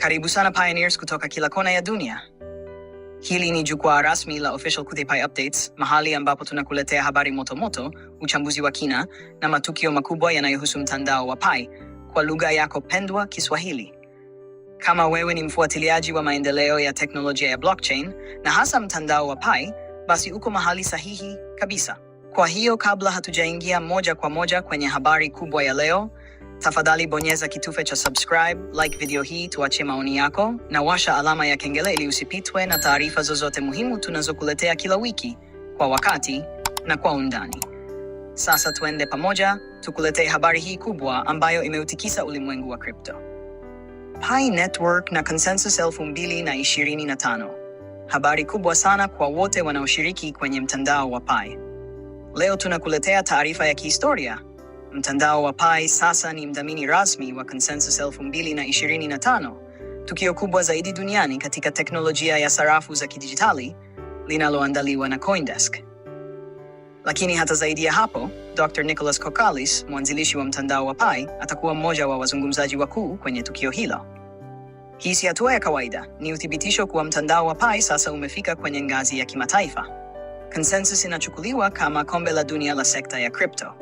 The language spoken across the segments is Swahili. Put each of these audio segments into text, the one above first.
Karibu sana pioneers kutoka kila kona ya dunia. Hili ni jukwaa rasmi la Official kutipai Updates, mahali ambapo tunakuletea habari motomoto, uchambuzi wa kina na matukio makubwa yanayohusu mtandao wa Pai kwa lugha yako pendwa Kiswahili. Kama wewe ni mfuatiliaji wa maendeleo ya teknolojia ya blockchain na hasa mtandao wa Pai, basi uko mahali sahihi kabisa. Kwa hiyo, kabla hatujaingia moja kwa moja kwenye habari kubwa ya leo, Tafadhali bonyeza kitufe cha subscribe, like video hii, tuache maoni yako na washa alama ya kengele ili usipitwe na taarifa zozote muhimu tunazokuletea kila wiki kwa wakati na kwa undani. Sasa tuende pamoja tukuletee habari hii kubwa ambayo imeutikisa ulimwengu wa crypto. Pi Network na Consensus 2025. Habari kubwa sana kwa wote wanaoshiriki kwenye mtandao wa Pi. Leo tunakuletea taarifa ya kihistoria Mtandao wa Pi sasa ni mdhamini rasmi wa Consensus 2025, tukio kubwa zaidi duniani katika teknolojia ya sarafu za kidijitali linaloandaliwa na CoinDesk. Lakini hata zaidi ya hapo, Dr. Nicholas Kokalis, mwanzilishi wa mtandao wa Pi, atakuwa mmoja wa wazungumzaji wakuu kwenye tukio hilo. Hii si hatua ya kawaida, ni uthibitisho kuwa mtandao wa Pi sasa umefika kwenye ngazi ya kimataifa. Consensus inachukuliwa kama kombe la dunia la sekta ya crypto.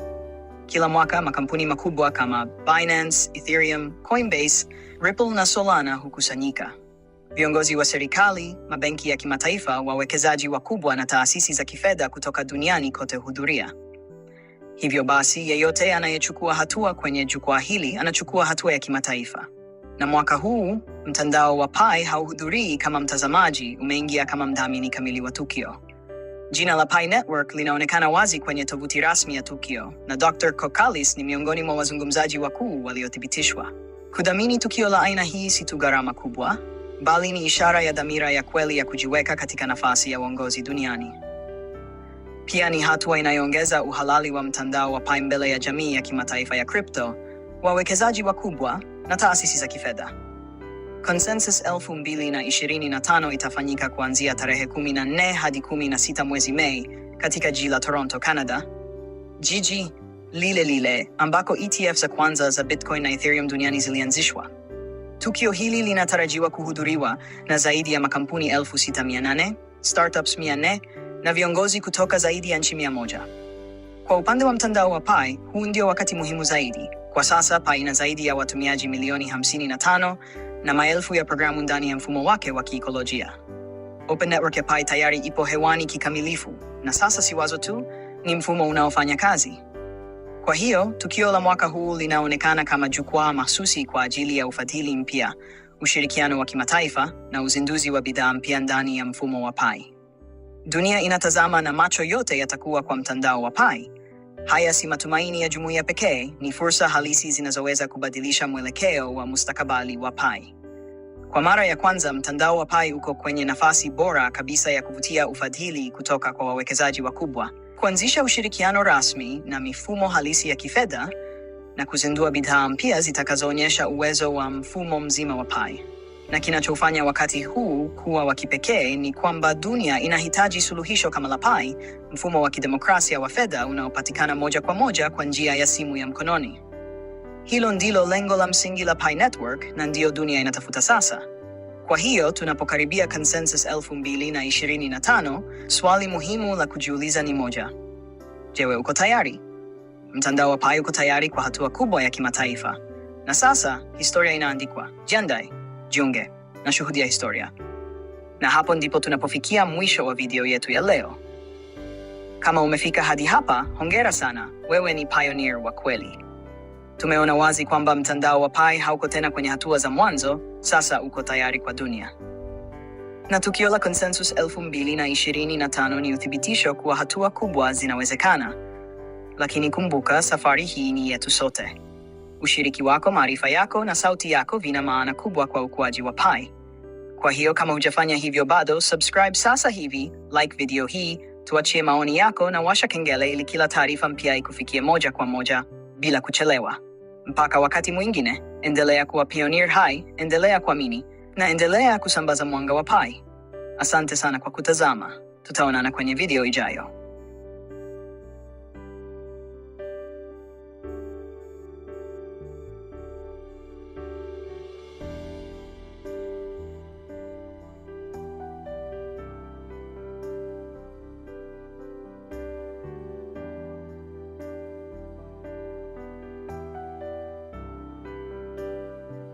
Kila mwaka makampuni makubwa kama Binance, Ethereum, Coinbase, Ripple na Solana hukusanyika. Viongozi wa serikali, mabenki ya kimataifa, wawekezaji wakubwa na taasisi za kifedha kutoka duniani kote hudhuria. Hivyo basi, yeyote anayechukua hatua kwenye jukwaa hili anachukua hatua ya kimataifa. Na mwaka huu mtandao wa Pi hauhudhurii kama mtazamaji, umeingia kama mdhamini kamili wa tukio. Jina la Pi Network linaonekana wazi kwenye tovuti rasmi ya tukio na Dr. Kokalis ni miongoni mwa wazungumzaji wakuu waliothibitishwa. Kudhamini tukio la aina hii si tu gharama kubwa, bali ni ishara ya dhamira ya kweli ya kujiweka katika nafasi ya uongozi duniani. Pia ni hatua inayoongeza uhalali wa mtandao wa Pi mbele ya jamii ya kimataifa ya kripto, wawekezaji wakubwa na taasisi za kifedha. Consensus 2025 itafanyika kuanzia tarehe 14 hadi 16 mwezi Mei katika jiji la Toronto, Canada, jiji lile lile ambako ETF za kwanza za Bitcoin na Ethereum duniani zilianzishwa. Tukio hili linatarajiwa kuhudhuriwa na zaidi ya makampuni 6800, startups 400 na viongozi kutoka zaidi ya nchi 100. Kwa upande wa mtandao wa Pi, huu ndio wakati muhimu zaidi. Kwa sasa Pi ina zaidi ya watumiaji milioni 55 na maelfu ya programu ndani ya mfumo wake wa kiikolojia. Open Network ya Pi tayari ipo hewani kikamilifu, na sasa si wazo tu, ni mfumo unaofanya kazi. Kwa hiyo tukio la mwaka huu linaonekana kama jukwaa mahsusi kwa ajili ya ufadhili mpya, ushirikiano wa kimataifa na uzinduzi wa bidhaa mpya ndani ya mfumo wa Pi. Dunia inatazama na macho yote yatakuwa kwa mtandao wa Pi. Haya si matumaini ya jumuiya pekee, ni fursa halisi zinazoweza kubadilisha mwelekeo wa mustakabali wa Pai. Kwa mara ya kwanza, mtandao wa Pai uko kwenye nafasi bora kabisa ya kuvutia ufadhili kutoka kwa wawekezaji wakubwa, kuanzisha ushirikiano rasmi na mifumo halisi ya kifedha na kuzindua bidhaa mpya zitakazoonyesha uwezo wa mfumo mzima wa Pai na kinachofanya wakati huu kuwa wa kipekee ni kwamba dunia inahitaji suluhisho kama la Pai, mfumo wa kidemokrasia wa fedha unaopatikana moja kwa moja kwa njia ya simu ya mkononi. Hilo ndilo lengo la msingi la Pi Network na ndiyo dunia inatafuta sasa. Kwa hiyo tunapokaribia Consensus 2025, swali muhimu la kujiuliza ni moja: jewe, uko tayari? Mtandao wa Pai uko tayari kwa hatua kubwa ya kimataifa, na sasa historia inaandikwa. Jiandae jiunge na shuhudia historia. Na hapo ndipo tunapofikia mwisho wa video yetu ya leo. Kama umefika hadi hapa, hongera sana, wewe ni pioneer wa kweli. Tumeona wazi kwamba mtandao wa Pi hauko tena kwenye hatua za mwanzo, sasa uko tayari kwa dunia. Na tukio la Consensus 2025 ni uthibitisho kuwa hatua kubwa zinawezekana. Lakini kumbuka, safari hii ni yetu sote ushiriki wako, maarifa yako na sauti yako vina maana kubwa kwa ukuaji wa Pai. Kwa hiyo kama hujafanya hivyo bado, subscribe sasa hivi, like video hii, tuachie maoni yako na washa kengele ili kila taarifa mpya ikufikie moja kwa moja bila kuchelewa. Mpaka wakati mwingine, endelea kuwa pioneer hai, endelea kuamini na endelea kusambaza mwanga wa Pai. Asante sana kwa kutazama, tutaonana kwenye video ijayo.